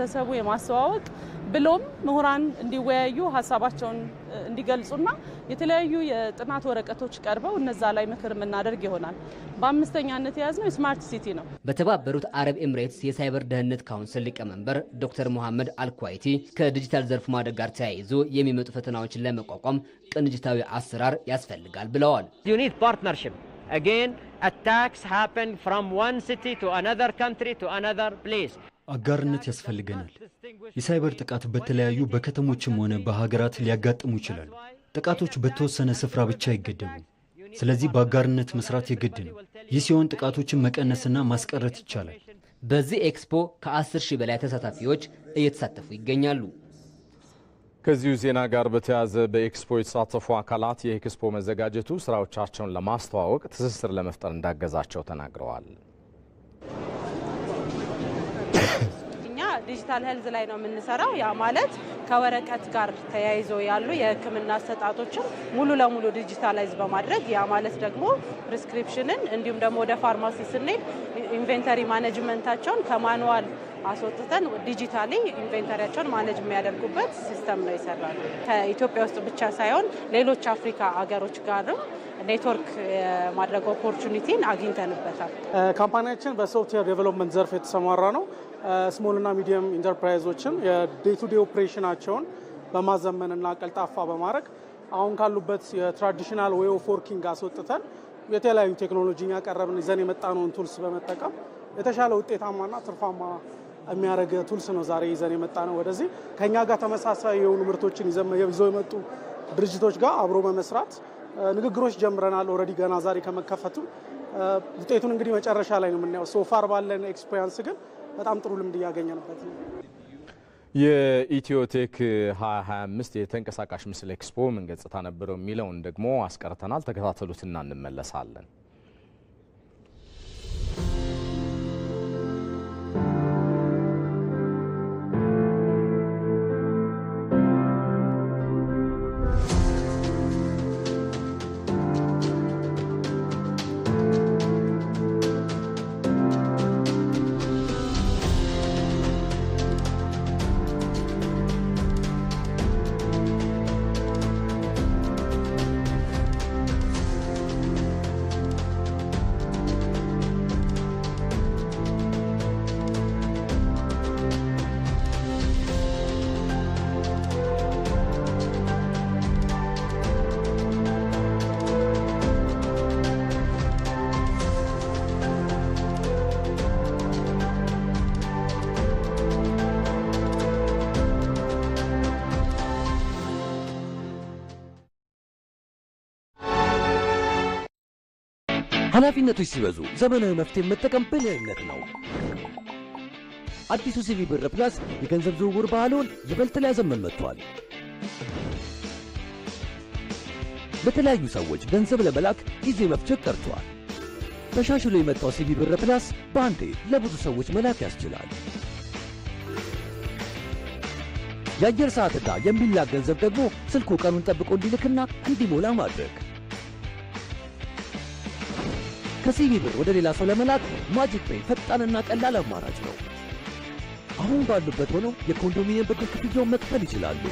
ተሰቡ የማስተዋወቅ ብሎም ምሁራን እንዲወያዩ ሀሳባቸውን እንዲገልጹና የተለያዩ የጥናት ወረቀቶች ቀርበው እነዛ ላይ ምክር የምናደርግ ይሆናል። በአምስተኛነት የያዝነው የስማርት ሲቲ ነው። በተባበሩት አረብ ኤምሬትስ የሳይበር ደህንነት ካውንስል ሊቀመንበር ዶክተር መሐመድ አልኳይቲ ከዲጂታል ዘርፍ ማደግ ጋር ተያይዞ የሚመጡ ፈተናዎችን ለመቋቋም ቅንጅታዊ አሰራር ያስፈልጋል ብለዋል። ዩኒት ፓርትነርሽፕ አጌን አታክስ ሃፐን ፍሮም ዋን ሲቲ ቱ አናዘር ካንትሪ ቱ አናዘር ፕሌስ አጋርነት ያስፈልገናል። የሳይበር ጥቃት በተለያዩ በከተሞችም ሆነ በሀገራት ሊያጋጥሙ ይችላሉ። ጥቃቶች በተወሰነ ስፍራ ብቻ አይገደቡ። ስለዚህ በአጋርነት መስራት የግድ ነው። ይህ ሲሆን ጥቃቶችን መቀነስና ማስቀረት ይቻላል። በዚህ ኤክስፖ ከ10 ሺህ በላይ ተሳታፊዎች እየተሳተፉ ይገኛሉ። ከዚሁ ዜና ጋር በተያያዘ በኤክስፖ የተሳተፉ አካላት የኤክስፖ መዘጋጀቱ ስራዎቻቸውን ለማስተዋወቅ ትስስር ለመፍጠር እንዳገዛቸው ተናግረዋል። ዲጂታል ሄልዝ ላይ ነው የምንሰራው። ያ ማለት ከወረቀት ጋር ተያይዞ ያሉ የሕክምና አሰጣጦችን ሙሉ ለሙሉ ዲጂታላይዝ በማድረግ ያ ማለት ደግሞ ፕሪስክሪፕሽንን እንዲሁም ደግሞ ወደ ፋርማሲ ስንሄድ ኢንቬንተሪ ማኔጅመንታቸውን ከማኑዋል አስወጥተን ዲጂታሊ ኢንቬንተሪያቸውን ማነጅ የሚያደርጉበት ሲስተም ነው ይሰራል። ከኢትዮጵያ ውስጥ ብቻ ሳይሆን ሌሎች አፍሪካ አገሮች ጋርም ኔትወርክ የማድረግ ኦፖርቹኒቲን አግኝተንበታል። ካምፓኒያችን በሶፍትዌር ዴቨሎፕመንት ዘርፍ የተሰማራ ነው። ስሞልና ሚዲየም ኢንተርፕራይዞችን የዴይ ቱ ዴይ ኦፕሬሽናቸውን በማዘመንና ቀልጣፋ በማድረግ አሁን ካሉበት የትራዲሽናል ዌይ ኦፍ ወርኪንግ አስወጥተን የተለያዩ ቴክኖሎጂ ያቀረብን ይዘን የመጣነውን ቱልስ በመጠቀም የተሻለ ውጤታማና ትርፋማ የሚያደርግ ቱልስ ነው ዛሬ ይዘን የመጣ ነው። ወደዚህ ከእኛ ጋር ተመሳሳይ የሆኑ ምርቶችን ይዘው የመጡ ድርጅቶች ጋር አብሮ በመስራት ንግግሮች ጀምረናል። ኦልሬዲ ገና ዛሬ ከመከፈቱ ውጤቱን እንግዲህ መጨረሻ ላይ ነው የምናየው። ሶፋር ባለን ኤክስፔሪንስ ግን በጣም ጥሩ ልምድ እያገኘንበት ነው። የኢትዮቴክ 2025 የተንቀሳቃሽ ምስል ኤክስፖ ምን ገጽታ ነበረው የሚለውን ደግሞ አስቀርተናል። ተከታተሉትና እንመለሳለን። ኃላፊነቶች ሲበዙ ዘመናዊ መፍትሄ መጠቀም ብልህነት ነው። አዲሱ ሲቪ ብር ፕላስ የገንዘብ ዝውውር ባህሉን ይበልጥ ሊያዘመን መጥቷል። በተለያዩ ሰዎች ገንዘብ ለመላክ ጊዜ መፍጀት ቀርቷል። ተሻሽሎ የመጣው ሲቪ ብር ፕላስ በአንዴ ለብዙ ሰዎች መላክ ያስችላል። የአየር ሰዓትና የሚላክ ገንዘብ ደግሞ ስልኩ ቀኑን ጠብቆ እንዲልክና እንዲሞላ ማድረግ ከሲቢ ብር ወደ ሌላ ሰው ለመላክ ማጂክ ፔይ ፈጣንና ቀላል አማራጭ ነው። አሁን ባሉበት ሆነው የኮንዶሚኒየም ብድር ክፍያውን መክፈል ይችላሉ።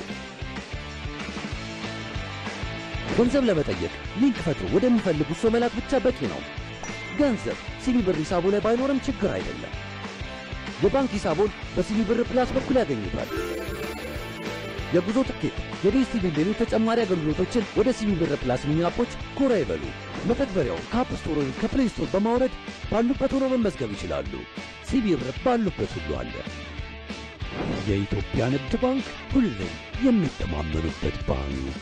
ገንዘብ ለመጠየቅ ሊንክ ፈጥሮ ወደሚፈልጉ ሰው መላክ ብቻ በቂ ነው። ገንዘብ ሲቢ ብር ሂሳቡ ላይ ባይኖርም ችግር አይደለም። የባንክ ሂሳቡን በሲቢ ብር ፕላስ በኩል ያገኙታል። የጉዞ ትኬት፣ የዲስቲቪ ሌሎች ተጨማሪ አገልግሎቶችን ወደ ሲቢ ብር ፕላስ ሚኒ አፖች ጎራ ይበሉ። መተግበሪያው ከአፕ ስቶር ወይም ከፕሌይ ስቶር በማውረድ ባሉበት ሆኖ መመዝገብ ይችላሉ። ሲቢ ብረት ባሉበት ሁሉ አለ። የኢትዮጵያ ንግድ ባንክ ሁሌም የሚተማመኑበት ባንክ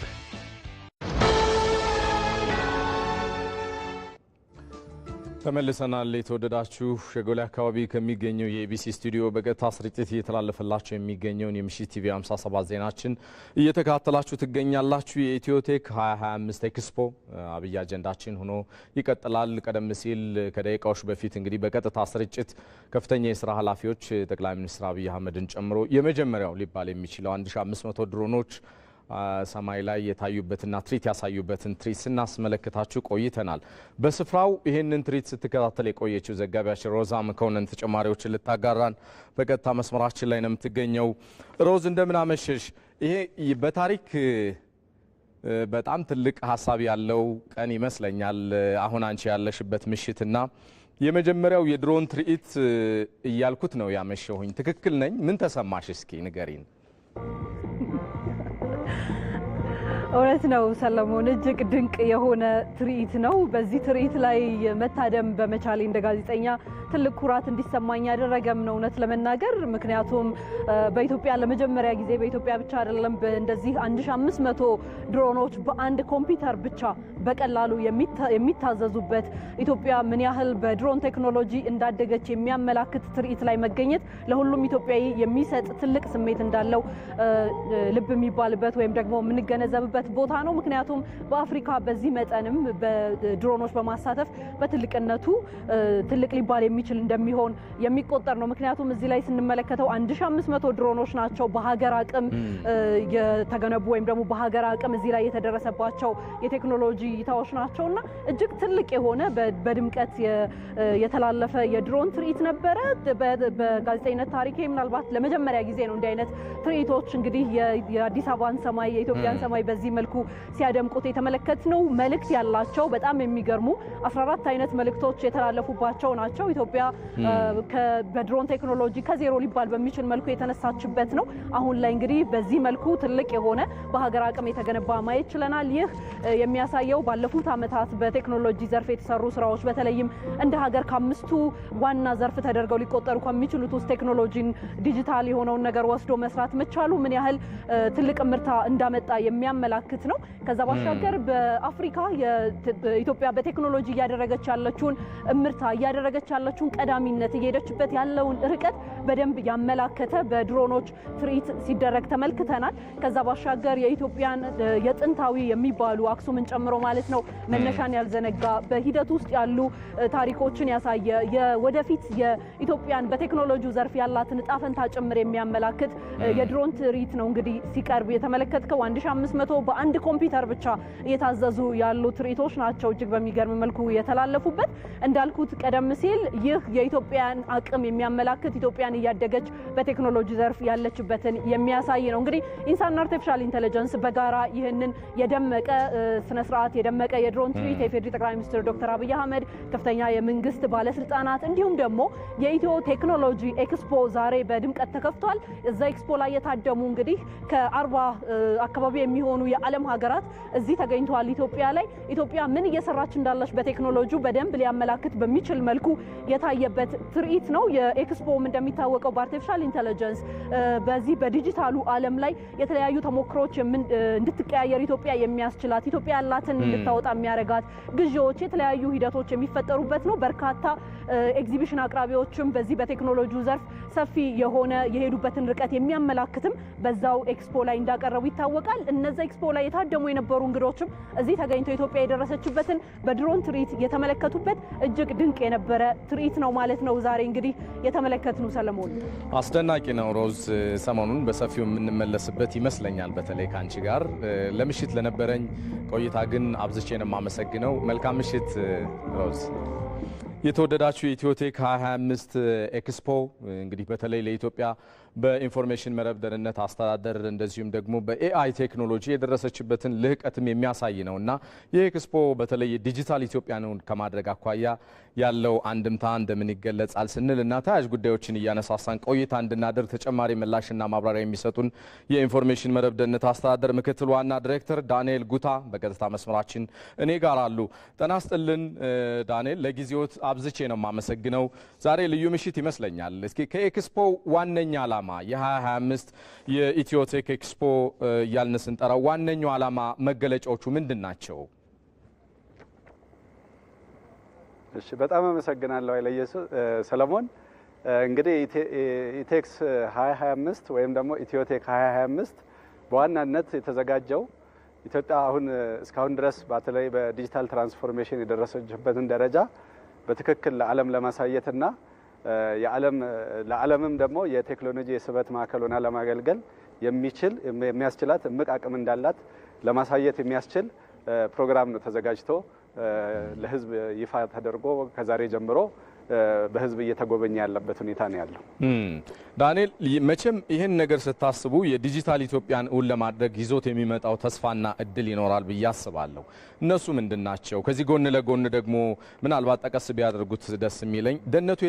ተመልሰናል። የተወደዳችሁ ሸጎሌ አካባቢ ከሚገኘው የኢቢሲ ስቱዲዮ በቀጥታ ስርጭት እየተላለፈላችሁ የሚገኘውን የምሽት ቲቪ 57 ዜናችን እየተከታተላችሁ ትገኛላችሁ። የኢትዮቴክ 2025 ኤክስፖ አብይ አጀንዳችን ሆኖ ይቀጥላል። ቀደም ሲል ከደቂቃዎች በፊት እንግዲህ በቀጥታ ስርጭት ከፍተኛ የስራ ኃላፊዎች ጠቅላይ ሚኒስትር አብይ አህመድን ጨምሮ የመጀመሪያው ሊባል የሚችለው 1500 ድሮኖች ሰማይ ላይ የታዩበትና ትርኢት ያሳዩበትን ትርኢት ስናስመለከታችሁ ቆይተናል። በስፍራው ይህንን ትርኢት ስትከታተል የቆየችው ዘጋቢያችን ሮዛ መኮንን ተጨማሪዎችን ልታጋራን በቀጥታ መስመራችን ላይ ነው የምትገኘው። ሮዝ እንደምን አመሸሽ? ይሄ በታሪክ በጣም ትልቅ ሀሳብ ያለው ቀን ይመስለኛል። አሁን አንቺ ያለሽበት ምሽትና የመጀመሪያው የድሮን ትርኢት እያልኩት ነው ያመሸሁኝ። ትክክል ነኝ? ምን ተሰማሽ? እስኪ ንገሪን። እውነት ነው ሰለሞን፣ እጅግ ድንቅ የሆነ ትርኢት ነው። በዚህ ትርኢት ላይ መታደም በመቻሌ እንደ ጋዜጠኛ ትልቅ ኩራት እንዲሰማኝ ያደረገም ነው እውነት ለመናገር ምክንያቱም በኢትዮጵያ ለመጀመሪያ ጊዜ በኢትዮጵያ ብቻ አይደለም እንደዚህ 1500 ድሮኖች በአንድ ኮምፒውተር ብቻ በቀላሉ የሚታዘዙበት ኢትዮጵያ ምን ያህል በድሮን ቴክኖሎጂ እንዳደገች የሚያመላክት ትርኢት ላይ መገኘት ለሁሉም ኢትዮጵያዊ የሚሰጥ ትልቅ ስሜት እንዳለው ልብ የሚባልበት ወይም ደግሞ የምንገነዘብበት ቦታ ነው። ምክንያቱም በአፍሪካ በዚህ መጠንም በድሮኖች በማሳተፍ በትልቅነቱ ትልቅ ሊባል የሚችል እንደሚሆን የሚቆጠር ነው። ምክንያቱም እዚህ ላይ ስንመለከተው 1500 ድሮኖች ናቸው በሀገር አቅም የተገነቡ ወይም ደግሞ በሀገር አቅም እዚህ ላይ የተደረሰባቸው የቴክኖሎጂ እይታዎች ናቸው እና እጅግ ትልቅ የሆነ በድምቀት የተላለፈ የድሮን ትርኢት ነበረ። በጋዜጠኝነት ታሪኬ ምናልባት ለመጀመሪያ ጊዜ ነው እንዲህ አይነት ትርኢቶች እንግዲህ የአዲስ አበባን ሰማይ የኢትዮጵያን ሰማይ በዚህ መልኩ ሲያደምቁት የተመለከትነው። መልእክት ያላቸው በጣም የሚገርሙ 14 አይነት መልእክቶች የተላለፉባቸው ናቸው። ኢትዮጵያ በድሮን ቴክኖሎጂ ከዜሮ ሊባል በሚችል መልኩ የተነሳችበት ነው። አሁን ላይ እንግዲህ በዚህ መልኩ ትልቅ የሆነ በሀገር አቅም የተገነባ ማየት ችለናል። ይህ የሚያሳየው ባለፉት ዓመታት በቴክኖሎጂ ዘርፍ የተሰሩ ስራዎች በተለይም እንደ ሀገር ከአምስቱ ዋና ዘርፍ ተደርገው ሊቆጠሩ ከሚችሉት ውስጥ ቴክኖሎጂን ዲጂታል የሆነውን ነገር ወስዶ መስራት መቻሉ ምን ያህል ትልቅ ምርታ እንዳመጣ የሚያመላክት ነው። ከዛ ባሻገር በአፍሪካ ኢትዮጵያ በቴክኖሎጂ እያደረገች ያለችውን ምርታ እያደረገች ያለችው የሀገራችን ቀዳሚነት እየሄደችበት ያለውን ርቀት በደንብ ያመላከተ በድሮኖች ትርኢት ሲደረግ ተመልክተናል። ከዛ ባሻገር የኢትዮጵያን የጥንታዊ የሚባሉ አክሱምን ጨምሮ ማለት ነው መነሻን ያልዘነጋ በሂደት ውስጥ ያሉ ታሪኮችን ያሳየ የወደፊት የኢትዮጵያን በቴክኖሎጂ ዘርፍ ያላትን እጣ ፈንታ ጭምር የሚያመላክት የድሮን ትርኢት ነው እንግዲህ ሲቀርብ የተመለከትከው 1500 በአንድ ኮምፒውተር ብቻ እየታዘዙ ያሉ ትርኢቶች ናቸው እጅግ በሚገርም መልኩ የተላለፉበት እንዳልኩት ቀደም ሲል ይህ የኢትዮጵያን አቅም የሚያመላክት ኢትዮጵያን እያደገች በቴክኖሎጂ ዘርፍ ያለችበትን የሚያሳይ ነው። እንግዲህ ኢንሳን አርቲፊሻል ኢንቴሊጀንስ በጋራ ይህንን የደመቀ ስነስርዓት የደመቀ የድሮን ትርኢት የፌዴሪ ጠቅላይ ሚኒስትር ዶክተር አብይ አህመድ ከፍተኛ የመንግስት ባለስልጣናት እንዲሁም ደግሞ የኢትዮ ቴክኖሎጂ ኤክስፖ ዛሬ በድምቀት ተከፍቷል። እዛ ኤክስፖ ላይ የታደሙ እንግዲህ ከአርባ አካባቢ የሚሆኑ የዓለም ሀገራት እዚህ ተገኝተዋል። ኢትዮጵያ ላይ ኢትዮጵያ ምን እየሰራች እንዳለች በቴክኖሎጂ በደንብ ሊያመላክት በሚችል መልኩ የታየበት ትርኢት ነው። የኤክስፖም እንደሚታወቀው በአርቲፊሻል ኢንተለጀንስ በዚህ በዲጂታሉ ዓለም ላይ የተለያዩ ተሞክሮች እንድትቀያየር ኢትዮጵያ የሚያስችላት ኢትዮጵያ ያላትን እንድታወጣ የሚያደርጋት ግዢዎች፣ የተለያዩ ሂደቶች የሚፈጠሩበት ነው። በርካታ ኤግዚቢሽን አቅራቢዎችም በዚህ በቴክኖሎጂው ዘርፍ ሰፊ የሆነ የሄዱበትን ርቀት የሚያመላክትም በዛው ኤክስፖ ላይ እንዳቀረቡ ይታወቃል። እነዛ ኤክስፖ ላይ የታደሙ የነበሩ እንግዶችም እዚህ ተገኝተው ኢትዮጵያ የደረሰችበትን በድሮን ትርኢት የተመለከቱበት እጅግ ድንቅ የነበረ ትርኢት ነው ማለት ነው። ዛሬ እንግዲህ የተመለከትነው ሰለሞን አስደናቂ ነው። ሮዝ ሰሞኑን በሰፊው የምንመለስበት ይመስለኛል። በተለይ ከአንቺ ጋር ለምሽት ለነበረኝ ቆይታ ግን አብዝቼ ነው የማመሰግነው። መልካም ምሽት ሮዝ። የተወደዳችሁ የኢትዮቴክ 2025 ኤክስፖ እንግዲህ በተለይ ለኢትዮጵያ በኢንፎርሜሽን መረብ ደህንነት አስተዳደር እንደዚሁም ደግሞ በኤአይ ቴክኖሎጂ የደረሰችበትን ልህቀትም የሚያሳይ ነው እና ይህ ኤክስፖ በተለይ ዲጂታል ኢትዮጵያን ከማድረግ አኳያ ያለው አንድምታ እንደምን ይገለጻል ስንል እና ተያያዥ ጉዳዮችን እያነሳሳን ቆይታ እንድናደርግ ተጨማሪ ምላሽና ማብራሪያ የሚሰጡን የኢንፎርሜሽን መረብ ደህንነት አስተዳደር ምክትል ዋና ዲሬክተር ዳንኤል ጉታ በቀጥታ መስመራችን እኔ ጋር አሉ። ጤና ይስጥልን ዳንኤል፣ ለጊዜዎት አብዝቼ ነው የማመሰግነው። ዛሬ ልዩ ምሽት ይመስለኛል። እስኪ ከኤክስፖ ዋነኛ ዓላማ የ2025 የኢትዮቴክ ኤክስፖ እያልን ስንጠራው ዋነኛው ዓላማ መገለጫዎቹ ምንድን ናቸው? እሺ በጣም አመሰግናለሁ ኢየሱስ ሰለሞን። እንግዲህ ኢቴክስ 2025 ወይም ደግሞ ኢትዮቴክ 2025 በዋናነት የተዘጋጀው ኢትዮጵያ አሁን እስካሁን ድረስ በተለይ በዲጂታል ትራንስፎርሜሽን የደረሰችበትን ደረጃ በትክክል ለዓለም ለማሳየትና ለዓለምም ደግሞ የቴክኖሎጂ የስበት ማዕከል ሆና ለማገልገል የሚችል የሚያስችላት እምቅ አቅም እንዳላት ለማሳየት የሚያስችል ፕሮግራም ነው ተዘጋጅቶ ለህዝብ ይፋ ተደርጎ ከዛሬ ጀምሮ በህዝብ እየተጎበኘ ያለበት ሁኔታ ነው ያለው። ዳንኤል፣ መቼም ይህን ነገር ስታስቡ የዲጂታል ኢትዮጵያን እውን ለማድረግ ይዞት የሚመጣው ተስፋና እድል ይኖራል ብዬ አስባለሁ። እነሱ ምንድን ናቸው? ከዚህ ጎን ለጎን ደግሞ ምናልባት ጠቀስ ቢያደርጉት ደስ የሚለኝ ደህንነቱ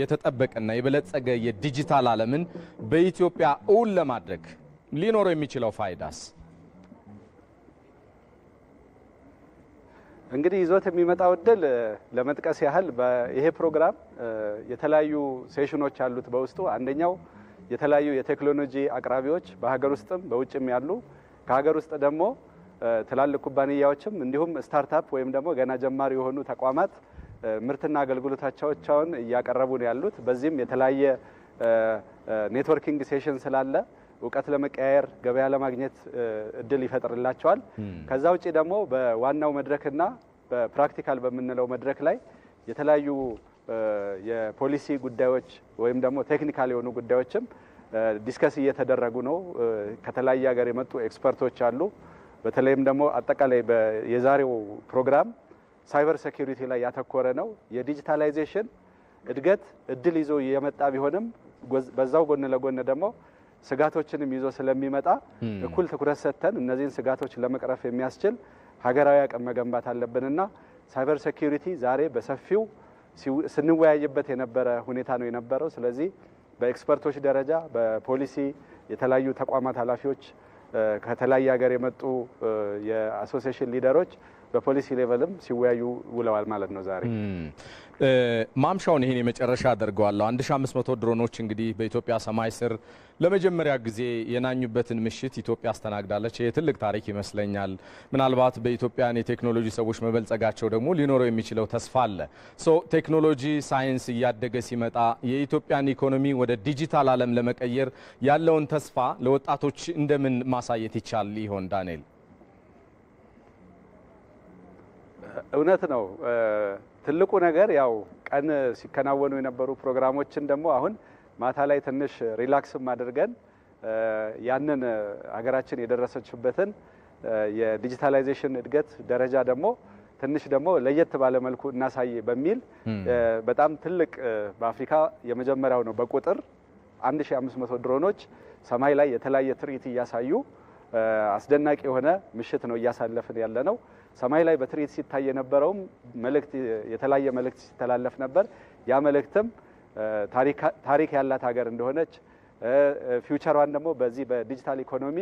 የተጠበቀና የበለጸገ የዲጂታል ዓለምን በኢትዮጵያ እውን ለማድረግ ሊኖረው የሚችለው ፋይዳስ እንግዲህ ይዞት የሚመጣው እድል ለመጥቀስ ያህል ይሄ ፕሮግራም የተለያዩ ሴሽኖች አሉት በውስጡ። አንደኛው የተለያዩ የቴክኖሎጂ አቅራቢዎች በሀገር ውስጥም በውጭም ያሉ ከሀገር ውስጥ ደግሞ ትላልቅ ኩባንያዎችም እንዲሁም ስታርታፕ ወይም ደግሞ ገና ጀማሪ የሆኑ ተቋማት ምርትና አገልግሎታቸውን እያቀረቡ ነው ያሉት። በዚህም የተለያየ ኔትወርኪንግ ሴሽን ስላለ እውቀት ለመቀያየር ገበያ ለማግኘት እድል ይፈጥርላቸዋል። ከዛ ውጭ ደግሞ በዋናው መድረክና በፕራክቲካል በምንለው መድረክ ላይ የተለያዩ የፖሊሲ ጉዳዮች ወይም ደግሞ ቴክኒካል የሆኑ ጉዳዮችም ዲስከስ እየተደረጉ ነው። ከተለያየ ሀገር የመጡ ኤክስፐርቶች አሉ። በተለይም ደግሞ አጠቃላይ የዛሬው ፕሮግራም ሳይበር ሴኩሪቲ ላይ ያተኮረ ነው። የዲጂታላይዜሽን እድገት እድል ይዞ የመጣ ቢሆንም በዛው ጎን ለጎን ደግሞ ስጋቶችንም ይዞ ስለሚመጣ እኩል ትኩረት ሰጥተን እነዚህን ስጋቶች ለመቅረፍ የሚያስችል ሀገራዊ አቅም መገንባት አለብንና ሳይበር ሴኪሪቲ ዛሬ በሰፊው ስንወያይበት የነበረ ሁኔታ ነው የነበረው። ስለዚህ በኤክስፐርቶች ደረጃ በፖሊሲ የተለያዩ ተቋማት ኃላፊዎች ከተለያየ ሀገር የመጡ የአሶሲሽን ሊደሮች በፖሊሲ ሌቨልም ሲወያዩ ውለዋል ማለት ነው። ዛሬ ማምሻውን ይህን የመጨረሻ አደርገዋለሁ። 1500 ድሮኖች እንግዲህ በኢትዮጵያ ሰማይ ስር ለመጀመሪያ ጊዜ የናኙበትን ምሽት ኢትዮጵያ አስተናግዳለች። ይህ ትልቅ ታሪክ ይመስለኛል። ምናልባት በኢትዮጵያን የቴክኖሎጂ ሰዎች መበልጸጋቸው ደግሞ ሊኖረው የሚችለው ተስፋ አለ። ሶ ቴክኖሎጂ ሳይንስ እያደገ ሲመጣ የኢትዮጵያን ኢኮኖሚ ወደ ዲጂታል ዓለም ለመቀየር ያለውን ተስፋ ለወጣቶች እንደምን ማሳየት ይቻል ይሆን ዳንኤል? እውነት ነው። ትልቁ ነገር ያው ቀን ሲከናወኑ የነበሩ ፕሮግራሞችን ደግሞ አሁን ማታ ላይ ትንሽ ሪላክስም አድርገን ያንን ሀገራችን የደረሰችበትን የዲጂታላይዜሽን እድገት ደረጃ ደግሞ ትንሽ ደግሞ ለየት ባለ መልኩ እናሳይ በሚል በጣም ትልቅ በአፍሪካ የመጀመሪያው ነው በቁጥር 1500 ድሮኖች ሰማይ ላይ የተለያየ ትርኢት እያሳዩ አስደናቂ የሆነ ምሽት ነው እያሳለፍን ያለ ነው። ሰማይ ላይ በትርኢት ሲታይ የነበረውም መልእክት የተለያየ መልእክት ሲተላለፍ ነበር። ያ መልእክትም ታሪክ ያላት ሀገር እንደሆነች ፊውቸሯን ደግሞ በዚህ በዲጂታል ኢኮኖሚ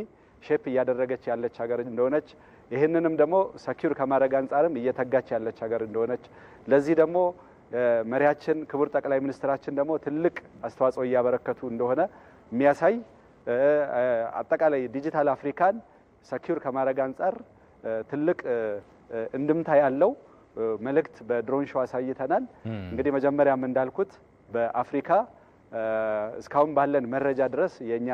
ሼፕ እያደረገች ያለች ሀገር እንደሆነች ይህንንም ደግሞ ሰኪር ከማድረግ አንጻርም እየተጋች ያለች ሀገር እንደሆነች ለዚህ ደግሞ መሪያችን ክቡር ጠቅላይ ሚኒስትራችን ደግሞ ትልቅ አስተዋጽኦ እያበረከቱ እንደሆነ የሚያሳይ አጠቃላይ ዲጂታል አፍሪካን ሰኪር ከማድረግ አንጻር ትልቅ እንድምታ ያለው መልእክት በድሮን ሾው አሳይተናል። እንግዲህ መጀመሪያም እንዳልኩት በአፍሪካ እስካሁን ባለን መረጃ ድረስ የእኛ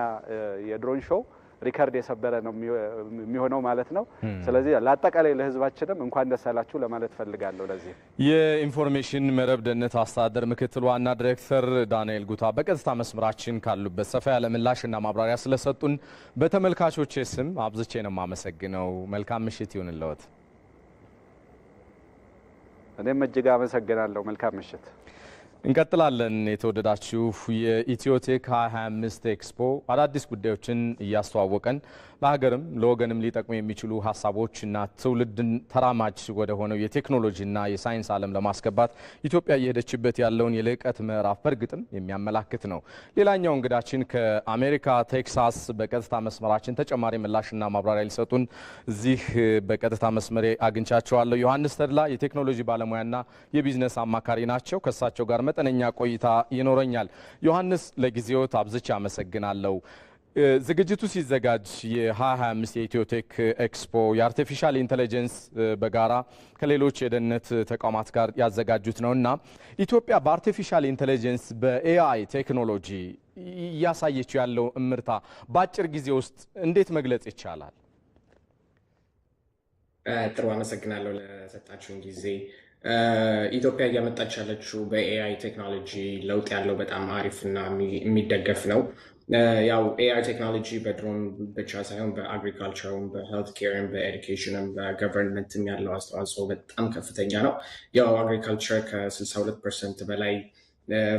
የድሮን ሾው ሪከርድ የሰበረ ነው የሚሆነው ማለት ነው። ስለዚህ ለአጠቃላይ ለህዝባችንም እንኳን ደስ አላችሁ ለማለት ፈልጋለሁ። ለዚህ የኢንፎርሜሽን መረብ ደህንነት አስተዳደር ምክትል ዋና ዲሬክተር ዳንኤል ጉታ በቀጥታ መስመራችን ካሉበት ሰፋ ያለ ምላሽና ማብራሪያ ስለሰጡን በተመልካቾች ስም አብዝቼ ነው የማመሰግነው። መልካም ምሽት ይሁንልዎት። እኔም እጅግ አመሰግናለሁ። መልካም ምሽት። እንቀጥላለን። የተወደዳችሁ የኢትዮቴክ 2025 ኤክስፖ አዳዲስ ጉዳዮችን እያስተዋወቀን ለሀገርም ለወገንም ሊጠቅሙ የሚችሉ ሀሳቦችና ትውልድን ተራማጅ ወደ ሆነው የቴክኖሎጂና የሳይንስ ዓለም ለማስገባት ኢትዮጵያ እየሄደችበት ያለውን የልዕቀት ምዕራፍ በእርግጥም የሚያመላክት ነው። ሌላኛው እንግዳችን ከአሜሪካ ቴክሳስ በቀጥታ መስመራችን ተጨማሪ ምላሽና ማብራሪያ ሊሰጡን እዚህ በቀጥታ መስመሬ አግኝቻቸዋለሁ። ዮሐንስ ተድላ የቴክኖሎጂ ባለሙያና የቢዝነስ አማካሪ ናቸው። ከእሳቸው ጋር መጠነኛ ቆይታ ይኖረኛል። ዮሐንስ ለጊዜዎት አብዝቼ አመሰግናለሁ። ዝግጅቱ ሲዘጋጅ የ2025 የኢትዮቴክ ኤክስፖ የአርቲፊሻል ኢንቴሊጀንስ በጋራ ከሌሎች የደህንነት ተቋማት ጋር ያዘጋጁት ነው እና ኢትዮጵያ በአርቲፊሻል ኢንቴሊጀንስ በኤአይ ቴክኖሎጂ እያሳየችው ያለው እምርታ በአጭር ጊዜ ውስጥ እንዴት መግለጽ ይቻላል? ጥሩ አመሰግናለሁ ለሰጣችሁን ጊዜ። ኢትዮጵያ እያመጣች ያለችው በኤአይ ቴክኖሎጂ ለውጥ ያለው በጣም አሪፍ እና የሚደገፍ ነው። Uh, ያው ኤአይ ቴክኖሎጂ በድሮን ብቻ ሳይሆን በአግሪካልቸርም፣ በሄልት ኬርም፣ በኤዱኬሽንም በገቨርንመንትም ያለው አስተዋጽኦ በጣም ከፍተኛ ነው። ያው አግሪካልቸር ከ62 ፐርሰንት በላይ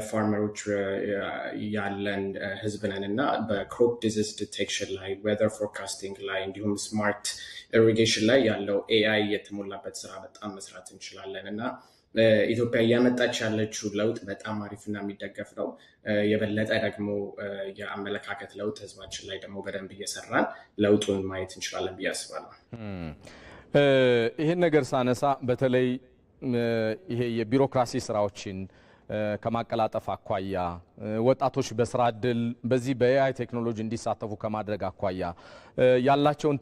ፋርመሮች uh, uh, ያለን ህዝብ ነን እና በክሮፕ ዲዚዝ ዲቴክሽን ላይ ዌዘር ፎርካስቲንግ ላይ እንዲሁም ስማርት ኢሪጌሽን ላይ ያለው ኤአይ የተሞላበት ስራ በጣም መስራት እንችላለን እና ኢትዮጵያ እያመጣች ያለችው ለውጥ በጣም አሪፍና የሚደገፍ ነው። የበለጠ ደግሞ የአመለካከት ለውጥ ህዝባችን ላይ ደግሞ በደንብ እየሰራን ለውጡን ማየት እንችላለን ብዬ አስባለሁ። ይህን ነገር ሳነሳ በተለይ ይሄ የቢሮክራሲ ስራዎችን ከማቀላጠፍ አኳያ ወጣቶች በስራ እድል በዚህ በኤአይ ቴክኖሎጂ እንዲሳተፉ ከማድረግ አኳያ ያላቸውን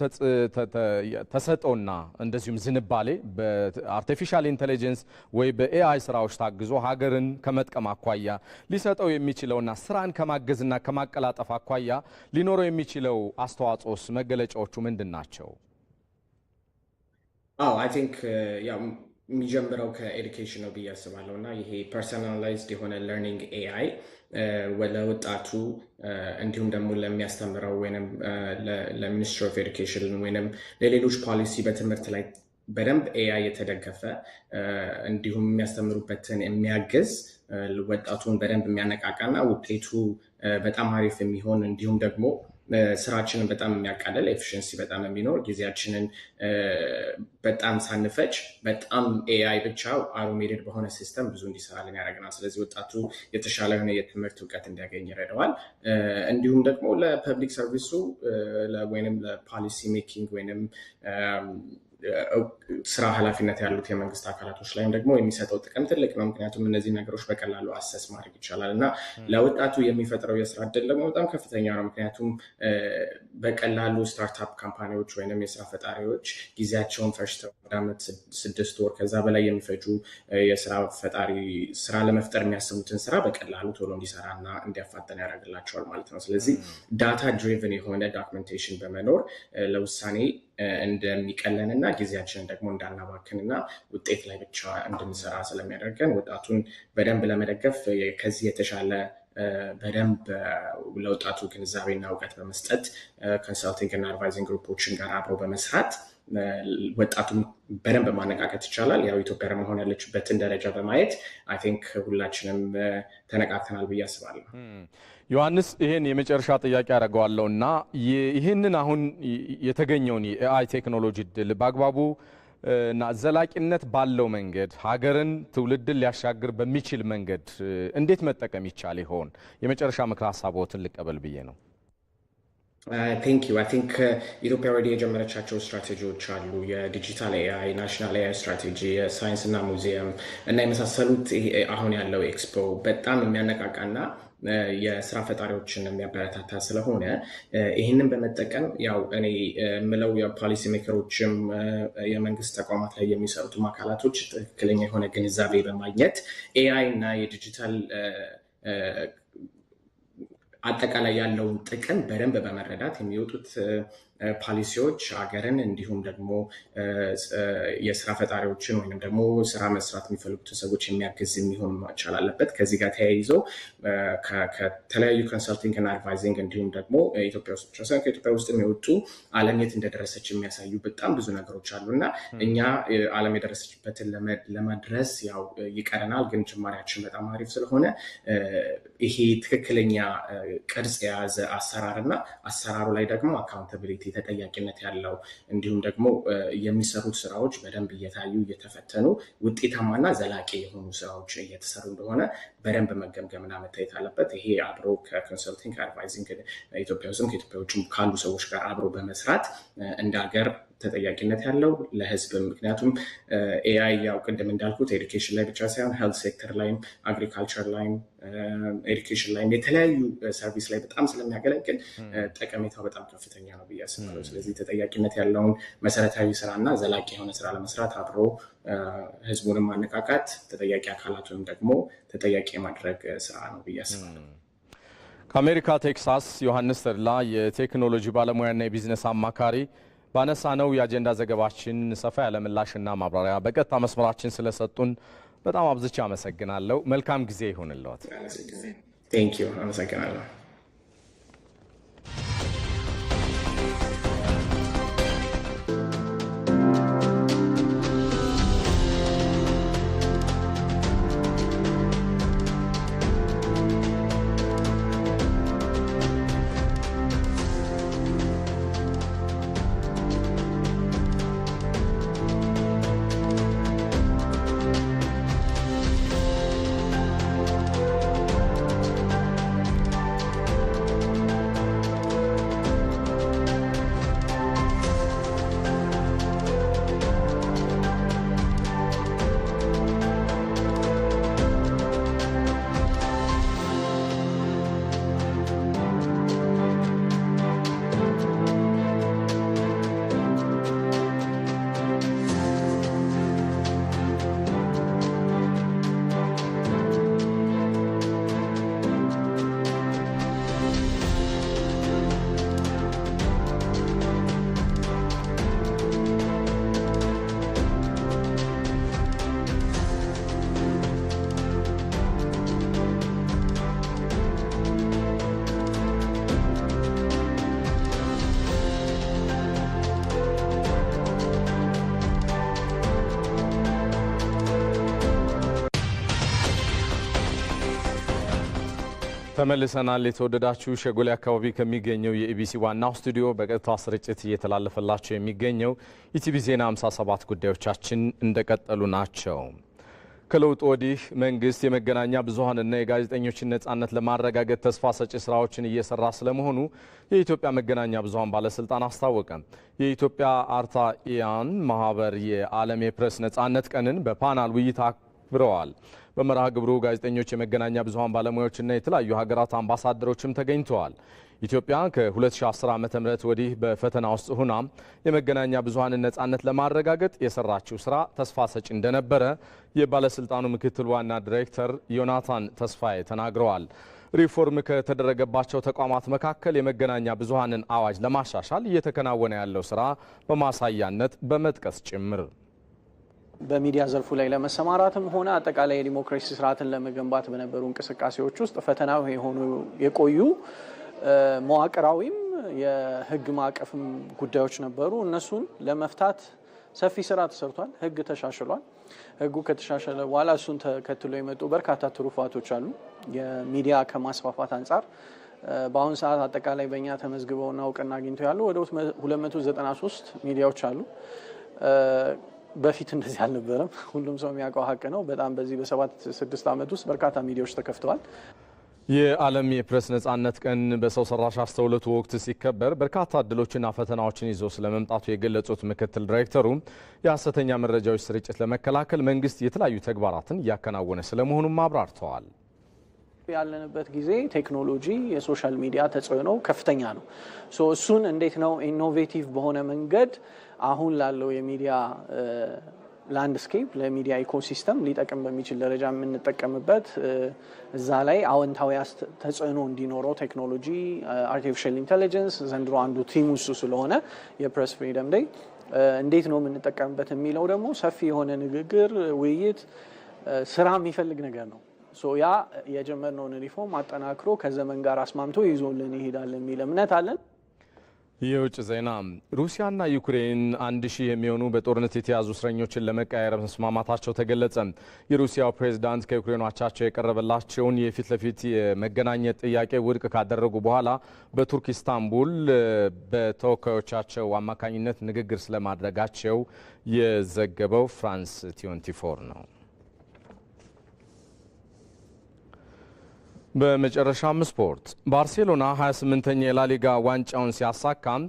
ተሰጠውና እንደዚሁም ዝንባሌ በአርቲፊሻል ኢንቴሊጀንስ ወይ በኤአይ ስራዎች ታግዞ ሀገርን ከመጥቀም አኳያ ሊሰጠው የሚችለውና ስራን ከማገዝና ከማቀላጠፍ አኳያ ሊኖረው የሚችለው አስተዋጽኦስ መገለጫዎቹ ምንድን ናቸው? አዎ አይ ቲንክ የሚጀምረው ከኤዱኬሽን ነው ብዬ አስባለሁ እና ይሄ ፐርሰናላይዝድ የሆነ ለርኒንግ ኤአይ ለወጣቱ እንዲሁም ደግሞ ለሚያስተምረው ወይም ለሚኒስትሪ ኦፍ ኤዱኬሽን ወይም ለሌሎች ፖሊሲ በትምህርት ላይ በደንብ ኤአይ የተደገፈ እንዲሁም የሚያስተምሩበትን የሚያግዝ ወጣቱን በደንብ የሚያነቃቃ ና ውጤቱ በጣም አሪፍ የሚሆን እንዲሁም ደግሞ ስራችንን በጣም የሚያቃለል ኤፊሽንሲ በጣም የሚኖር ጊዜያችንን በጣም ሳንፈጭ በጣም ኤአይ ብቻ አሮሜድድ በሆነ ሲስተም ብዙ እንዲሰራልን ያደረግናል። ስለዚህ ወጣቱ የተሻለ የሆነ የትምህርት እውቀት እንዲያገኝ ይረደዋል። እንዲሁም ደግሞ ለፐብሊክ ሰርቪሱ ወይም ለፖሊሲ ሜኪንግ ወይም ስራ ኃላፊነት ያሉት የመንግስት አካላቶች ላይም ደግሞ የሚሰጠው ጥቅም ትልቅ ነው። ምክንያቱም እነዚህ ነገሮች በቀላሉ አሰስ ማድረግ ይቻላል እና ለወጣቱ የሚፈጥረው የስራ እድል ደግሞ በጣም ከፍተኛ ነው። ምክንያቱም በቀላሉ ስታርታፕ ካምፓኒዎች ወይም የስራ ፈጣሪዎች ጊዜያቸውን ፈሽተው ወደ አመት፣ ስድስት ወር ከዛ በላይ የሚፈጁ የስራ ፈጣሪ ስራ ለመፍጠር የሚያስቡትን ስራ በቀላሉ ቶሎ እንዲሰራ እና እንዲያፋጠን ያደርግላቸዋል ማለት ነው። ስለዚህ ዳታ ድሪቨን የሆነ ዶክመንቴሽን በመኖር ለውሳኔ እንደሚቀለን እና ጊዜያችንን ደግሞ እንዳናባክን እና ውጤት ላይ ብቻ እንድንሰራ ስለሚያደርገን ወጣቱን በደንብ ለመደገፍ ከዚህ የተሻለ በደንብ ለወጣቱ ግንዛቤና እውቀት በመስጠት ኮንሳልቲንግ እና አድቫይዚንግ ግሩፖችን ጋር አብረው በመስራት ወጣቱን በደንብ ማነቃቀት ይቻላል። ያው ኢትዮጵያ ደግሞ አሁን ያለችበትን ደረጃ በማየት አይ ቲንክ ሁላችንም ተነቃቅተናል ብዬ አስባለሁ። ዮሐንስ ይሄን የመጨረሻ ጥያቄ አደርገዋለሁና ይህንን አሁን የተገኘውን የኤአይ ቴክኖሎጂ ድል በአግባቡ እና ዘላቂነት ባለው መንገድ ሀገርን፣ ትውልድን ሊያሻግር በሚችል መንገድ እንዴት መጠቀም ይቻል ይሆን? የመጨረሻ ምክረ ሀሳቦትን ልቀበል ብዬ ነው። ቴንክ ዩ አይ ቲንክ ኢትዮጵያ ወዲህ የጀመረቻቸው ስትራቴጂዎች አሉ። የዲጂታል ኤአይ፣ ናሽናል ኤአይ ስትራቴጂ፣ እና ሙዚየም እና የመሳሰሉት አሁን ያለው ኤክስፖ በጣም የሚያነቃቃና የስራ ፈጣሪዎችን የሚያበረታታ ስለሆነ ይህንን በመጠቀም ያው እኔ ምለው የፖሊሲ ሜከሮችም የመንግስት ተቋማት ላይ የሚሰሩትም አካላቶች ትክክለኛ የሆነ ግንዛቤ በማግኘት ኤአይ እና የዲጂታል አጠቃላይ ያለውን ጥቅም በደንብ በመረዳት የሚወጡት ፖሊሲዎች ሀገርን እንዲሁም ደግሞ የስራ ፈጣሪዎችን ወይም ደግሞ ስራ መስራት የሚፈልጉትን ሰዎች የሚያግዝ የሚሆን መቻል አለበት። ከዚህ ጋር ተያይዞ ከተለያዩ ኮንሰልቲንግ እና አድቫይዚንግ እንዲሁም ደግሞ ኢትዮጵያ ውስጥ ብቻ ሳይሆን ከኢትዮጵያ ውስጥ የሚወጡ ዓለም የት እንደደረሰች የሚያሳዩ በጣም ብዙ ነገሮች አሉ እና እኛ ዓለም የደረሰችበትን ለመድረስ ያው ይቀረናል፣ ግን ጭማሪያችን በጣም አሪፍ ስለሆነ ይሄ ትክክለኛ ቅርጽ የያዘ አሰራር እና አሰራሩ ላይ ደግሞ አካውንታብሊቲ ተጠያቂነት ያለው እንዲሁም ደግሞ የሚሰሩት ስራዎች በደንብ እየታዩ እየተፈተኑ ውጤታማና ዘላቂ የሆኑ ስራዎች እየተሰሩ እንደሆነ በደንብ መገምገምና መታየት አለበት። ይሄ አብሮ ከኮንሰልቲንግ ከአድቫይዚንግ ኢትዮጵያ ውስጥም ከኢትዮጵያ ውጭም ካሉ ሰዎች ጋር አብሮ በመስራት እንደ ሀገር ተጠያቂነት ያለው ለህዝብ። ምክንያቱም ኤአይ ያው ቅድም እንዳልኩት ኤዱኬሽን ላይ ብቻ ሳይሆን ሄልት ሴክተር ላይም፣ አግሪካልቸር ላይም፣ ኤዱኬሽን ላይም የተለያዩ ሰርቪስ ላይ በጣም ስለሚያገለግል ጠቀሜታው በጣም ከፍተኛ ነው ብዬ አስባለሁ። ስለዚህ ተጠያቂነት ያለውን መሰረታዊ ስራ እና ዘላቂ የሆነ ስራ ለመስራት አብሮ ህዝቡንም ማነቃቃት ተጠያቂ አካላቱንም ደግሞ ተጠያቂ የማድረግ ስራ ነው ብዬ አስባለሁ። ከአሜሪካ ቴክሳስ ዮሐንስ ተድላ የቴክኖሎጂ ባለሙያና የቢዝነስ አማካሪ ባነሳነው የአጀንዳ ዘገባችን ሰፋ ያለ ምላሽና ማብራሪያ በቀጥታ መስመራችን ስለሰጡን በጣም አብዝቼ አመሰግናለሁ። መልካም ጊዜ ይሁንልዎት። አመሰግናለሁ። ተመልሰናል። የተወደዳችሁ ሸጎሌ አካባቢ ከሚገኘው የኢቢሲ ዋናው ስቱዲዮ በቀጥታ ስርጭት እየተላለፈላቸው የሚገኘው ኢቲቪ ዜና 57 ጉዳዮቻችን እንደቀጠሉ ናቸው። ከለውጡ ወዲህ መንግስት የመገናኛ ብዙኃንና የጋዜጠኞችን ነጻነት ለማረጋገጥ ተስፋ ሰጪ ስራዎችን እየሰራ ስለመሆኑ የኢትዮጵያ መገናኛ ብዙሃን ባለስልጣን አስታወቀ። የኢትዮጵያ አርታኢያን ማህበር የዓለም የፕሬስ ነጻነት ቀንን በፓናል ውይይት አክብረዋል። በመርሃ ግብሩ ጋዜጠኞች፣ የመገናኛ ባለሙያዎች ባለሙያዎችና የተለያዩ ሀገራት አምባሳደሮችም ተገኝተዋል። ኢትዮጵያ ከ2010 ዓ ም ወዲህ በፈተና ውስጥ ሁና የመገናኛ ብዙሀንን ነጻነት ለማረጋገጥ የሰራችው ስራ ተስፋ ሰጪ እንደነበረ የባለስልጣኑ ምክትል ዋና ዲሬክተር ዮናታን ተስፋዬ ተናግረዋል። ሪፎርም ከተደረገባቸው ተቋማት መካከል የመገናኛ ብዙሀንን አዋጅ ለማሻሻል እየተከናወነ ያለው ስራ በማሳያነት በመጥቀስ ጭምር በሚዲያ ዘርፉ ላይ ለመሰማራትም ሆነ አጠቃላይ የዲሞክራሲ ስርዓትን ለመገንባት በነበሩ እንቅስቃሴዎች ውስጥ ፈተና የሆኑ የቆዩ መዋቅራዊም የህግ ማዕቀፍም ጉዳዮች ነበሩ። እነሱን ለመፍታት ሰፊ ስራ ተሰርቷል። ህግ ተሻሽሏል። ህጉ ከተሻሸለ በኋላ እሱን ተከትሎ የመጡ በርካታ ትሩፋቶች አሉ። የሚዲያ ከማስፋፋት አንጻር በአሁን ሰዓት አጠቃላይ በእኛ ተመዝግበውና እውቅና አግኝተው ያሉ ወደ 293 ሚዲያዎች አሉ። በፊት እንደዚህ አልነበረም። ሁሉም ሰው የሚያውቀው ሀቅ ነው። በጣም በዚህ በሰባት ስድስት ዓመት ውስጥ በርካታ ሚዲያዎች ተከፍተዋል። የዓለም የፕሬስ ነጻነት ቀን በሰው ሰራሽ አስተውሎት ወቅት ሲከበር በርካታ እድሎችና ፈተናዎችን ይዞ ስለመምጣቱ የገለጹት ምክትል ዳይሬክተሩ የሐሰተኛ መረጃዎች ስርጭት ለመከላከል መንግስት የተለያዩ ተግባራትን እያከናወነ ስለመሆኑም አብራርተዋል። ያለንበት ጊዜ ቴክኖሎጂ የሶሻል ሚዲያ ተጽዕኖ ከፍተኛ ነው። እሱን እንዴት ነው ኢኖቬቲቭ በሆነ መንገድ አሁን ላለው የሚዲያ ላንድስኬፕ ለሚዲያ ኢኮሲስተም ሊጠቅም በሚችል ደረጃ የምንጠቀምበት እዛ ላይ አወንታዊ ተጽዕኖ እንዲኖረው ቴክኖሎጂ አርቲፊሻል ኢንቴሊጀንስ ዘንድሮ አንዱ ቲም ውሱ ስለሆነ የፕሬስ ፍሪደም ደይ እንዴት ነው የምንጠቀምበት የሚለው ደግሞ ሰፊ የሆነ ንግግር፣ ውይይት፣ ስራ የሚፈልግ ነገር ነው። ያ የጀመርነውን ሪፎርም አጠናክሮ ከዘመን ጋር አስማምቶ ይዞልን ይሄዳል የሚል እምነት አለን። የውጭ ዜና ሩሲያና ዩክሬን አንድ ሺህ የሚሆኑ በጦርነት የተያዙ እስረኞችን ለመቀያየር መስማማታቸው ተገለጸ። የሩሲያው ፕሬዝዳንት ከዩክሬን አቻቸው የቀረበላቸውን የፊት ለፊት የመገናኘት ጥያቄ ውድቅ ካደረጉ በኋላ በቱርክ ኢስታንቡል በተወካዮቻቸው አማካኝነት ንግግር ስለማድረጋቸው የዘገበው ፍራንስ ቲዌንቲ ፎር ነው። በመጨረሻም ስፖርት ባርሴሎና 28ኛ የላሊጋ ዋንጫውን ሲያሳካም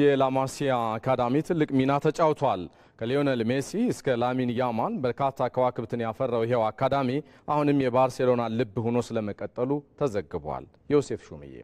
የላማሲያ አካዳሚ ትልቅ ሚና ተጫውቷል። ከሊዮነል ሜሲ እስከ ላሚን ያማን በርካታ ከዋክብትን ያፈራው ይኸው አካዳሚ አሁንም የባርሴሎና ልብ ሆኖ ስለመቀጠሉ ተዘግቧል። ዮሴፍ ሹምዬ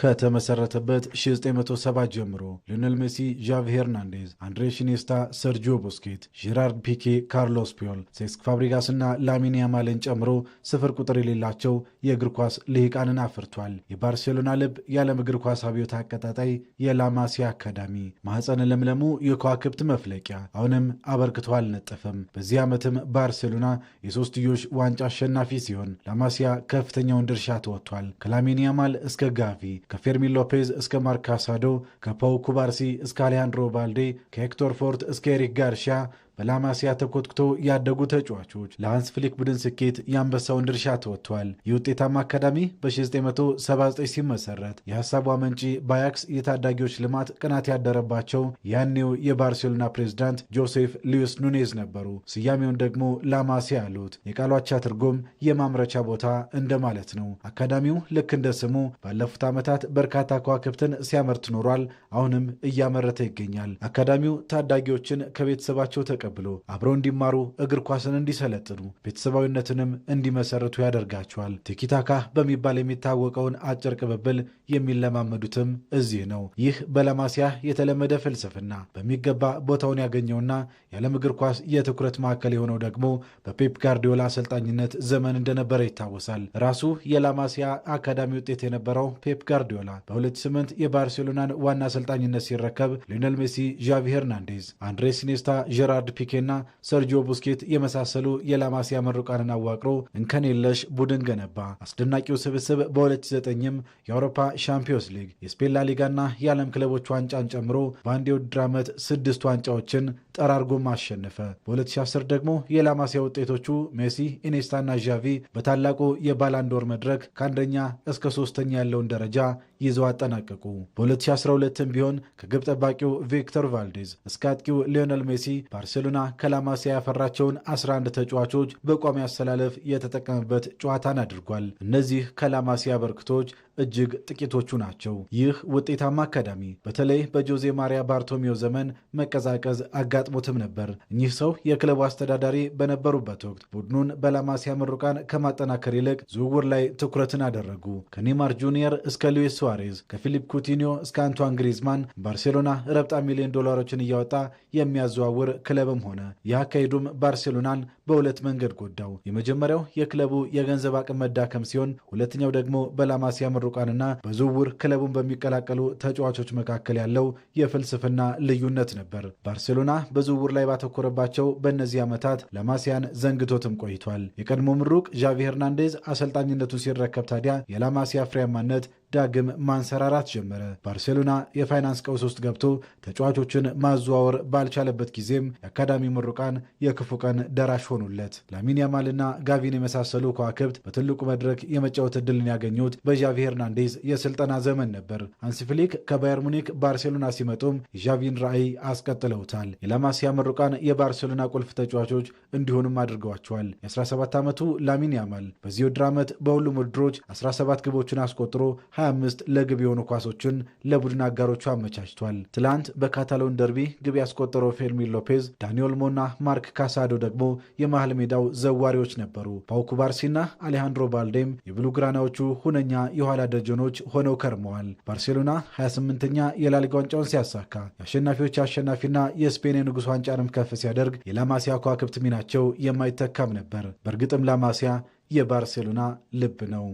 ከተመሰረተበት 1970 ጀምሮ ሊዮኔል ሜሲ፣ ዣቪ ሄርናንዴዝ፣ አንድሬ ሽኔስታ፣ ሰርጂዮ ቡስኬት፣ ጄራርድ ፒኬ፣ ካርሎስ ፒዮል፣ ሴስክ ፋብሪጋስና ላሚን ያማልን ጨምሮ ስፍር ቁጥር የሌላቸው የእግር ኳስ ልሂቃንን አፍርቷል። የባርሴሎና ልብ የዓለም እግር ኳስ አብዮት አቀጣጣይ የላማሲያ አካዳሚ ማህፀነ ለምለሙ የከዋክብት መፍለቂያ አሁንም አበርክቶ አልነጠፈም። በዚህ ዓመትም ባርሴሎና የሶስትዮሽ ዋንጫ አሸናፊ ሲሆን ላማሲያ ከፍተኛውን ድርሻ ተወጥቷል። ከላሚን ያማል እስከ ጋቪ ከፌርሚን ሎፔዝ እስከ ማርክ ካሳዶ፣ ከፖው ኩባርሲ እስከ አሊያንድሮ ባልዴ፣ ከሄክቶር ፎርት እስከ ኤሪክ ጋርሺያ በላማሲያ ተኮትኩቶ ያደጉ ተጫዋቾች ለሃንስ ፍሊክ ቡድን ስኬት የአንበሳውን ድርሻ ተወጥቷል። የውጤታማ አካዳሚ በ1979 ሲመሰረት የሐሳቡ አመንጪ ባያክስ የታዳጊዎች ልማት ቅናት ያደረባቸው ያኔው የባርሴሎና ፕሬዚዳንት ጆሴፍ ሉዊስ ኑኔዝ ነበሩ። ስያሜውን ደግሞ ላማሲያ አሉት። የቃሏቻ ትርጉም የማምረቻ ቦታ እንደማለት ነው። አካዳሚው ልክ እንደ ስሙ ባለፉት ዓመታት በርካታ ከዋክብትን ሲያመርት ኖሯል። አሁንም እያመረተ ይገኛል። አካዳሚው ታዳጊዎችን ከቤተሰባቸው ተቀ ተቀብሎ አብረው እንዲማሩ እግር ኳስን እንዲሰለጥኑ ቤተሰባዊነትንም እንዲመሰርቱ ያደርጋቸዋል። ቲኪታካ በሚባል የሚታወቀውን አጭር ቅብብል የሚለማመዱትም እዚህ ነው። ይህ በላማሲያ የተለመደ ፍልስፍና በሚገባ ቦታውን ያገኘውና የዓለም እግር ኳስ የትኩረት ማዕከል የሆነው ደግሞ በፔፕ ጋርዲዮላ አሰልጣኝነት ዘመን እንደነበረ ይታወሳል። ራሱ የላማሲያ አካዳሚ ውጤት የነበረው ፔፕ ጋርዲዮላ በ2008 የባርሴሎናን ዋና አሰልጣኝነት ሲረከብ ሊዮኔል ሜሲ፣ ዣቪ ሄርናንዴዝ፣ አንድሬስ ኔስታ፣ ጀራርድ ፒኬና ሰርጂዮ ቡስኬት የመሳሰሉ የላማሲያ መሩቃንን አዋቅሮ እንከን የለሽ ቡድን ገነባ። አስደናቂው ስብስብ በ2009ም የአውሮፓ ሻምፒዮንስ ሊግ፣ የስፔን ላሊጋና የዓለም ክለቦች ዋንጫን ጨምሮ በአንድ የውድድር ዓመት ስድስት ዋንጫዎችን ጠራርጎም አሸነፈ። በ2010 ደግሞ የላማሲያ ውጤቶቹ ሜሲ፣ ኢኔስታና ዣቪ በታላቁ የባላንዶር መድረክ ከአንደኛ እስከ ሶስተኛ ያለውን ደረጃ ይዘው አጠናቀቁ። በ2012ም ቢሆን ከግብ ጠባቂው ቪክተር ቫልዴዝ እስከ አጥቂው ሊዮነል ሜሲ ባርሴሎና ከላማሲያ ያፈራቸውን 11 ተጫዋቾች በቋሚ አሰላለፍ የተጠቀመበት ጨዋታን አድርጓል። እነዚህ ከላማሲያ በርክቶች እጅግ ጥቂቶቹ ናቸው። ይህ ውጤታማ አካዳሚ በተለይ በጆዜ ማሪያ ባርቶሚዮ ዘመን መቀዛቀዝ አጋጥሞትም ነበር። እኚህ ሰው የክለቡ አስተዳዳሪ በነበሩበት ወቅት ቡድኑን በላማሲያ ምሩቃን ከማጠናከር ይልቅ ዝውውር ላይ ትኩረትን አደረጉ። ከኔማር ጁኒየር እስከ ሉዊስ ሱዋሬዝ፣ ከፊሊፕ ኩቲኒዮ እስከ አንቷን ግሪዝማን ባርሴሎና ረብጣ ሚሊዮን ዶላሮችን እያወጣ የሚያዘዋውር ክለብም ሆነ። የአካሄዱም ባርሴሎናን በሁለት መንገድ ጎዳው። የመጀመሪያው የክለቡ የገንዘብ አቅም መዳከም ሲሆን፣ ሁለተኛው ደግሞ በላማሲያ ምሩ ሩቃንና በዝውውር ክለቡን በሚቀላቀሉ ተጫዋቾች መካከል ያለው የፍልስፍና ልዩነት ነበር። ባርሴሎና በዝውውር ላይ ባተኮረባቸው በእነዚህ ዓመታት ለማሲያን ዘንግቶትም ቆይቷል። የቀድሞ ምሩቅ ዣቪ ሄርናንዴዝ አሰልጣኝነቱን ሲረከብ ታዲያ የላማሲያ ፍሬያማነት ዳግም ማንሰራራት ጀመረ። ባርሴሎና የፋይናንስ ቀውስ ውስጥ ገብቶ ተጫዋቾችን ማዘዋወር ባልቻለበት ጊዜም የአካዳሚ ምሩቃን የክፉ ቀን ደራሽ ሆኑለት። ላሚን ያማልና ጋቪን የመሳሰሉ ከዋክብት በትልቁ መድረክ የመጫወት እድልን ያገኙት በዣቪ ሄርናንዴዝ የስልጠና ዘመን ነበር። አንሲፍሊክ ከባየር ሙኒክ ባርሴሎና ሲመጡም የዣቪን ራዕይ አስቀጥለውታል። የላማሲያ ምሩቃን የባርሴሎና ቁልፍ ተጫዋቾች እንዲሆኑም አድርገዋቸዋል። የ17 ዓመቱ ላሚን ያማል በዚህ ውድድር ዓመት በሁሉም ውድድሮች 17 ግቦችን አስቆጥሮ 25 ለግብ የሆኑ ኳሶችን ለቡድን አጋሮቹ አመቻችቷል። ትላንት በካታሎን ደርቢ ግብ ያስቆጠረው ፌርሚን ሎፔዝ፣ ዳኒ ኦልሞና ማርክ ካሳዶ ደግሞ የመሃል ሜዳው ዘዋሪዎች ነበሩ። ፓውኩ ባርሲና አሌሃንድሮ ባልዴም የብሉግራናዎቹ ሁነኛ የኋላ ደጀኖች ሆነው ከርመዋል። ባርሴሎና 28ኛ የላሊጋ ዋንጫውን ሲያሳካ የአሸናፊዎች አሸናፊና የስፔን የንጉሥ ዋንጫንም ከፍ ሲያደርግ የላማሲያ ከዋክብት ሚናቸው የማይተካም ነበር። በእርግጥም ላማሲያ የባርሴሎና ልብ ነው።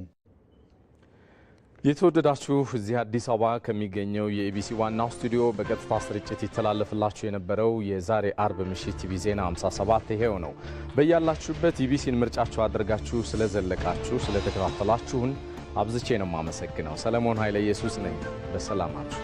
የተወደዳችሁ እዚህ አዲስ አበባ ከሚገኘው የኢቢሲ ዋናው ስቱዲዮ በቀጥታ ስርጭት ይተላለፍላችሁ የነበረው የዛሬ አርብ ምሽት ቲቪ ዜና 57 ይሄው ነው። በያላችሁበት ኢቢሲን ምርጫችሁ አድርጋችሁ ስለዘለቃችሁ ስለተከታተላችሁን አብዝቼ ነው የማመሰግነው። ሰለሞን ኃይለ ኢየሱስ ነኝ። በሰላማችሁ